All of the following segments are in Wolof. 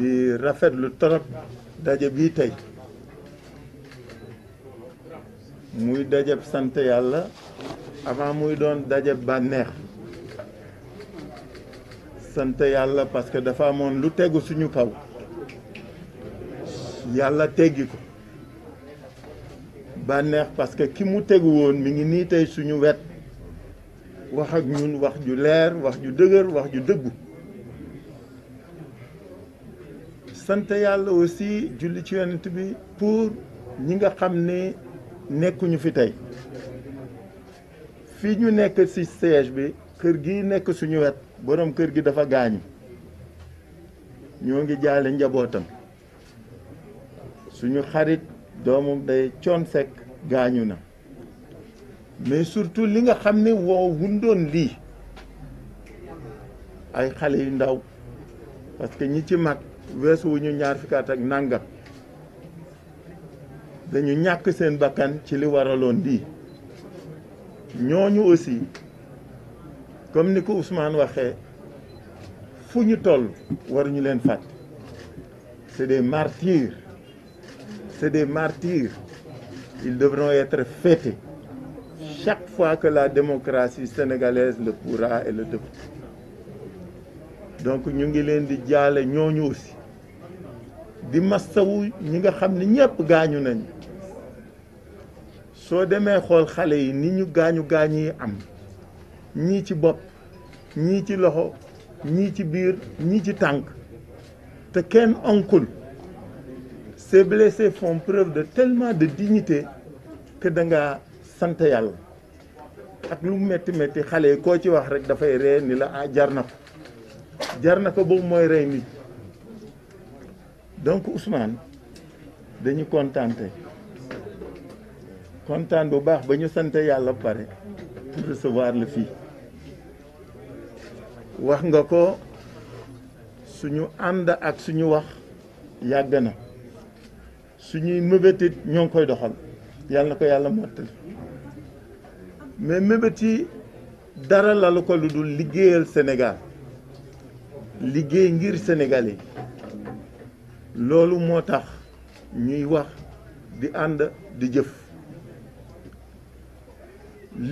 di rafetlu torop daje bi tey muy dajab sant yàlla avant muy doon daje bànneex sant yàlla parce que dafa amoon lu tegu suñu kaw yàlla teggi ko bànneex parce que ki mu tegu woon mi ngi nii tey suñu wet wax ak ñun wax ju leer wax ju dëgër wax ju dëggu sant yàlla aussi julli ci yonent bi pour ñi nga xam ne nekkuñu fi tey fii ñu nekk ci siège bi kër gi nekk suñu wet boroom kër gi dafa gaañu ñoo ngi jaale njabootam suñu xarit doomu day coon sekk gaañu na mais surtout li nga xam ni woo wundoon lii ay xale yu ndaw parce ñi ci mag weesu wu ñu ñaar fukki at ak nàngam dañu ñàkk seen bakkan ci li waraloon lii ñooñu aussi comme ni ko usmaan waxee fu ñu toll waruñu leen fàtte c'est des martyrs c'est des martyrs ils devront être fêtés chaque fois que la démocratie sénégalaise le pourra et le devra donc ñu ngi leen di jaale ñooñu aussi di mastawu ñi nga xam ni ñëpp gaañu nañ soo demee xool xale yi ni ñu gaañu gaañu yi am ñii ci bopp ñii ci loxo ñii ci biir ñii ci tànk te kenn onkul ces blessés font preuve de tellement de dignité que danga sant yàlla ak lu metti metti xale yi koo ci wax rek dafay ree ni la ah jar na ko jar na ko boobu mooy rey nit donc Ousmane dañu kontaan tey kontaan bu baax ba ñu sant yàlla pare pour recevoir le fii wax nga ko suñu ànd ak suñu wax yàgg na suñuy mébétit ñoo ngi koy doxal yàlla na ko yàlla mottali mais mébét yi dara lalu ko lu dul liggéeyal Sénégal liggéey ngir Sénégalais yi loolu moo tax ñuy wax di ànd di jëf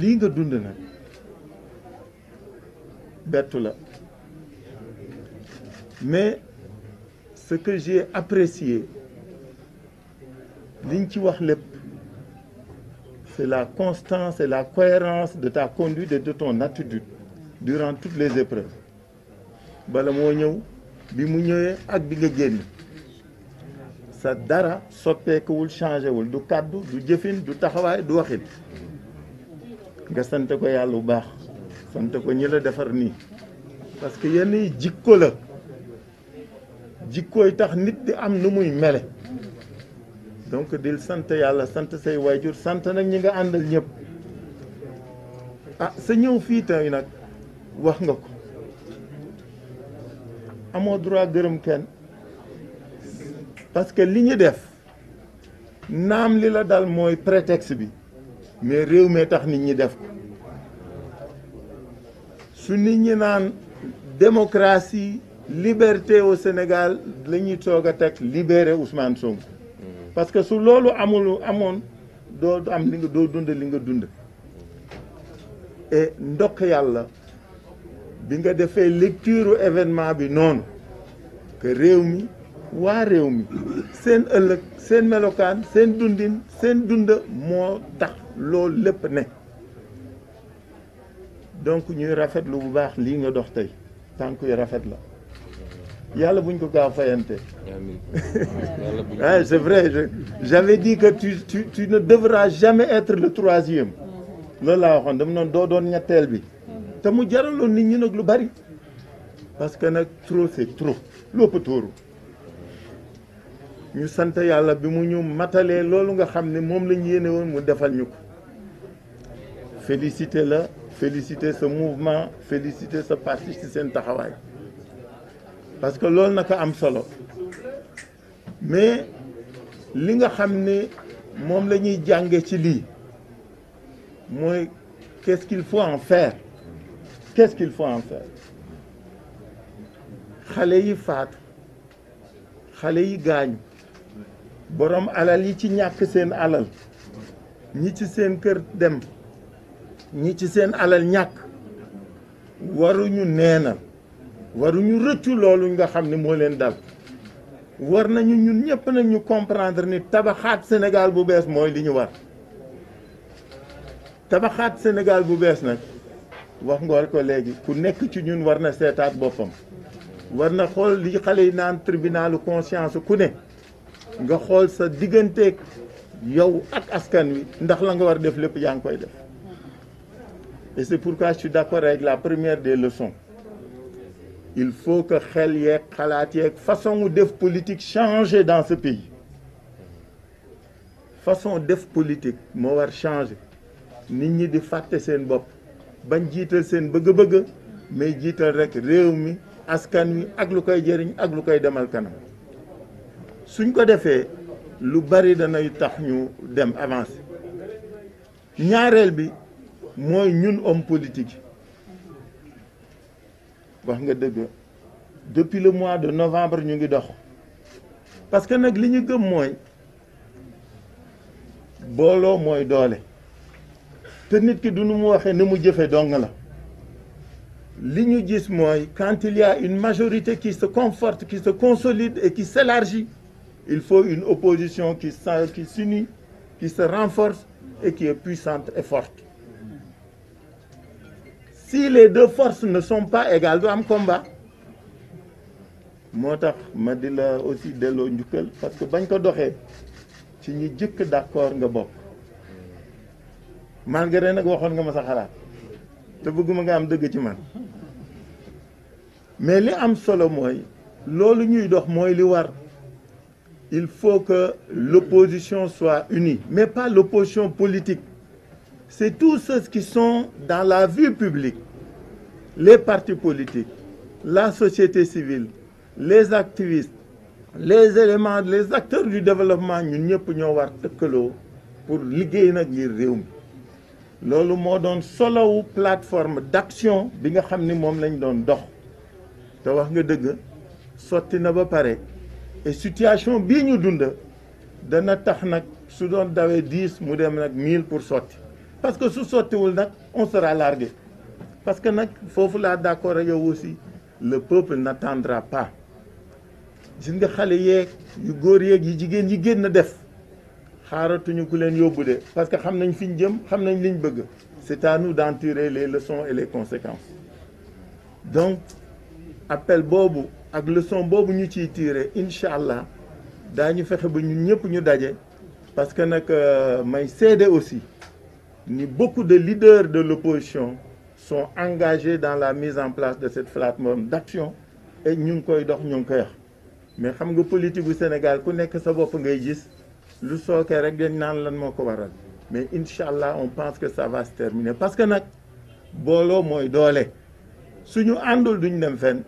lii nga dund nag bettu la mais ce que j'ai apprécié liñ ci wax lépp c'est la constance et la cohérence de ta conduite et de ton attitude durant toutes les épreuves bala moo ñëw bi mu ñëwee ak bi nga génn sa dara soppeekuwul changé wul du kàddu du jëfin du taxawaay du waxin nga sant ko yàlla bu baax sant ko ñi la defar nii parce que yenn yi jikko la jikkooy tax nit di am nu muy mele donc di sant yàlla sant say waajur sant nag ñi nga àndal ñëpp ah sa ñëw fii tey nag wax nga ko amoo droit gërëm kenn parce que li ñu def naam li la dal mooy prétexte bi mais réew mi tax nit ñi def ko su nit ñi naan démocratie liberté au Sénégal la ñuy toog a teg libéré Ousmane Sonko mm. parce que su loolu amul amoon doo am li nga doo dund li nga dund et ndokk yàlla bi nga defee lecture événement bi noonu que réew mi waa réew mi seen ëllëg seen melokaan seen dundin seen dund moo tax loolu lépp ne donc ñuy rafetlu bu baax lii nga dox tey tànk yu rafet la yàlla buñ ko gaaw fayante ah c'est vrai j'avais dit que tu tu tu ne devras jamais être le troisième loolu laa waxoon dama doo doon ñetteel bi te mu jaraloon nit ñu nag lu bari parce que nag trop c'est trop lu ëpp tóoru ñu sant yàlla bi mu ñu matalee loolu nga xam ne moom lañu yéene woon mu defal ñu ko félicité la félicité sa mouvement félicité sa parti ci seen taxawaay parce que loolu nag am solo mais li nga xam ne moom la ñuy jànge ci lii mooy qu'est-ce qu'il faut en faire qu'est-ce en faire xale yi faatu xale yi gaañu boroom alal yi ci ñàkk seen alal ñi ci seen kër dem ñi ci seen alal ñàkk waruñu neenal waruñu rëccu loolu nga xam ne moo leen dal war nañu ñun ñëpp nag ñu comprendre ni tabaxaat Sénégal bu bees mooy li ñu war tabaxaat Sénégal bu bees nag wax nga ko léegi ku nekk ci ñun war na seetaat boppam war na xool li xale yi naan tribunalu conscience ku ne nga xool sa digganteeg yow ak askan wi ndax la nga war def lépp yaa ngi koy def et c'est pourquoi je suis d'accord avec la première des leçons il faut que xel yeeg xalaat yeeg façon mu def politique changer dans ce pays façon def politique moo war changer nit ñi di fàtte seen bopp bañ jiital seen bëgg-bëgg mais jiital rek réew mi askan wi ak lu koy jëriñ ak lu koy demal kanam suñ ko defee lu bari danay tax ñu dem avancer ñaareel bi mooy ñun homme politique wax nga dëgg depuis le mois de novembre ñu ngi dox parce que nag li ñu gëm mooy booloo mooy doole te nit ki du nu mu waxee ni mu jëfee dong la li ñu gis mooy quand il une majorité qui sa conforte qui se consolide et qui s'élargit Il faut une opposition qui s'unit, qui se renforce et qui est puissante et forte. Si les deux force ne sont pas égales, du am combat moo tax ma di la aussi delloo njukkal parce que bañ ko doxee ci ñi jëkk d'accord nga bokk malgré nag waxoon nga ma sa xalaat te bëgguma nga am dëgg ci man mais li am solo mooy loolu ñuy dox mooy li war il faut que l'opposition soit uni mais pas l'opposition politique. C'est tous ceux qui sont dans la vue publique, les partis politiques, la société civile, les activistes, les éléments, les acteurs du développement, ñu ñëpp ñoo war tëkkaloo pour liggéey nag ngir réew mi loolu moo doon solowu plateforme d'action bi nga xam ni moom lañ doon dox te wax nga dëgg sotti na ba pare et situation bii ñu dund dana tax nag su doon dawee dix mu dem nag mille pour sotti parce que su sottiwul nag on sera largué parce que nag foofu laa d'accord ak yow aussi le peuple n'attendra pas gis nga xale yeeg yu góor yeeg yu jigéen yi génn def xaaratuñu ku leen yóbbu de parce que xam nañ fi ñu jëm xam nañ liñ bëgg c'est à nous d'en tirer les leçons et les conséquences donc appel boobu ak leçon boobu ñu ciy tiire incha allah daañu fexe ba ñu ñëpp ñu daje parce que nag euh, may seede aussi ni beaucoup de leaders de l'opposition son engagés dans la mise en place de cette plateforme d'action et ñu ngi koy dox ñu ngi koy wax mais xam nga politique bu Sénégal ku nekk sa bopp ngay gis lu sookee rek dañ naan lan moo ko waral mais incha allah on pense que sa va se terminer parce que nag booloo mooy doole suñu àndul duñ dem fen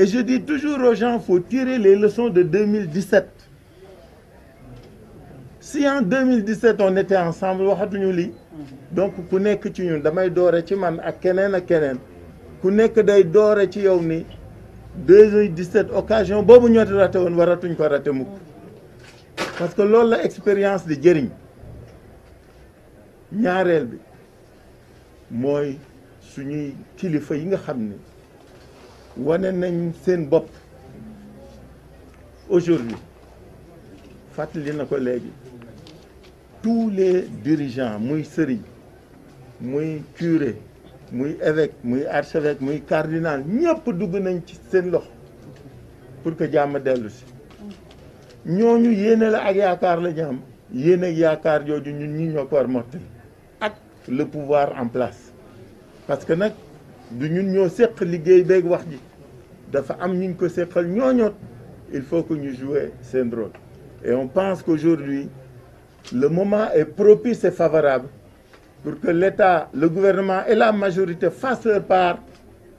Et je dis toujours aux gens, il faut tirer les leçons de 2017. Si en 2017 on était ensemble, waxatuñu li donc ku nekk ci ñun damay doore ci man ak keneen ak keneen ku nekk day doore ci yow ni 2017 occasion boobu ñoo raté woon waratuñ ko raté mukk parce que loolu la expérience di jëriñ ñaareel bi mooy suñuy kilifa yi nga xam ni wane nañ seen bopp aujourd'hui fàttali na ko léegi tous les dirigeants muy sëriñ muy curé muy évêque muy archevêque muy cardinal ñëpp dugg nañ ci seen lox pour que jàmm dellusi si ñooñu yéene la ak yaakaar la ñu yéene yaakaar jooju ñun ñi ñoo ko ak le pouvoir en place parce que nag du ñun ñoo séq liggéey beeg wax ji dafa am ñu ko séqal ñooñoot il faut que ñu jouer seen rôle et on pense qu'aujourd'hui le moment est propice et favorable pour que l'État le gouvernement et la majorité fassent leur part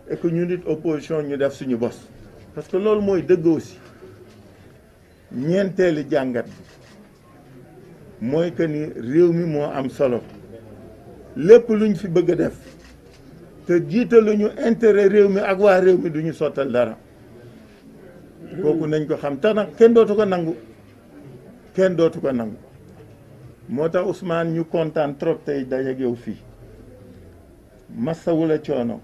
et que ñu nit opposition ñu def suñu bos parce que loolu mooy dëgg si ñeenteelu jàngat mooy que ni réew mi moo am solo lépp luñ fi bëgg a def te ñu intérêt réew mi ak waa réew mi duñu sottal dara kooku nañ ko xam te nag kenn dootu ko nangu kenn dootu ko nangu moo tax Ousmane ñu kontaan trop tey dajeek yow fii masawu la coono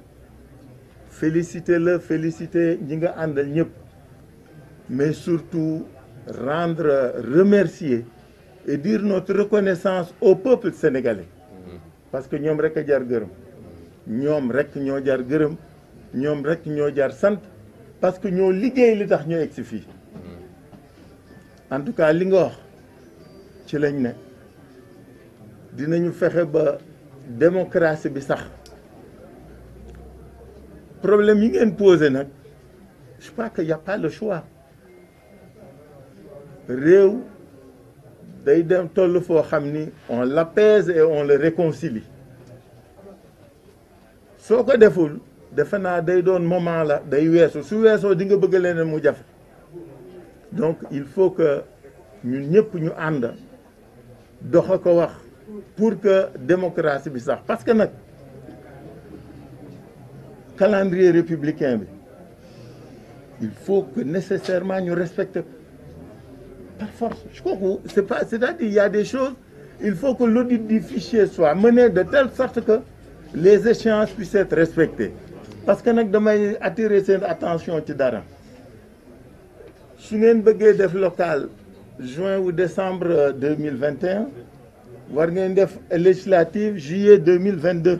félicité la félicité ñi nga àndal ñëpp mais surtout rendre remercier et dire notre reconnaissance au peuple sénégalais mm-hmm. parce que ñoom rek a jar gërëm ñoom rek ñoo jar gërëm ñoom rek ñoo jar sant parce que ñoo liggéey li tax ñoo egg si fii en tout cas li nga wax ci lañ ne dinañu fexe ba démocratie bi sax problème yi ngeen posé nag je crois que y le choix réew day dem toll foo xam ni on la l'apaise et on le réconcilie soo ko deful defe naa day doon moment la day weesu su weesoo di nga bëgg leneen mu jafe donc il faut que ñu ñëpp ñu ànd doxa ko wax pour que démocratie bi sax parce que nag calendrier républicain bi il faut que nécessairement ñu respecte par force je c'est pas c'est-à-dire il y des choses il faut que l'audit du fichier soit mënee de telle sorte que les échéances puissent être respectées parce que nag damay attirer seen attention ci dara su ngeen bëggee def local juin ou décembre deux mille vingt et war ngeen def législative juillet deux mille vingt deux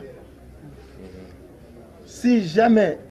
si jamais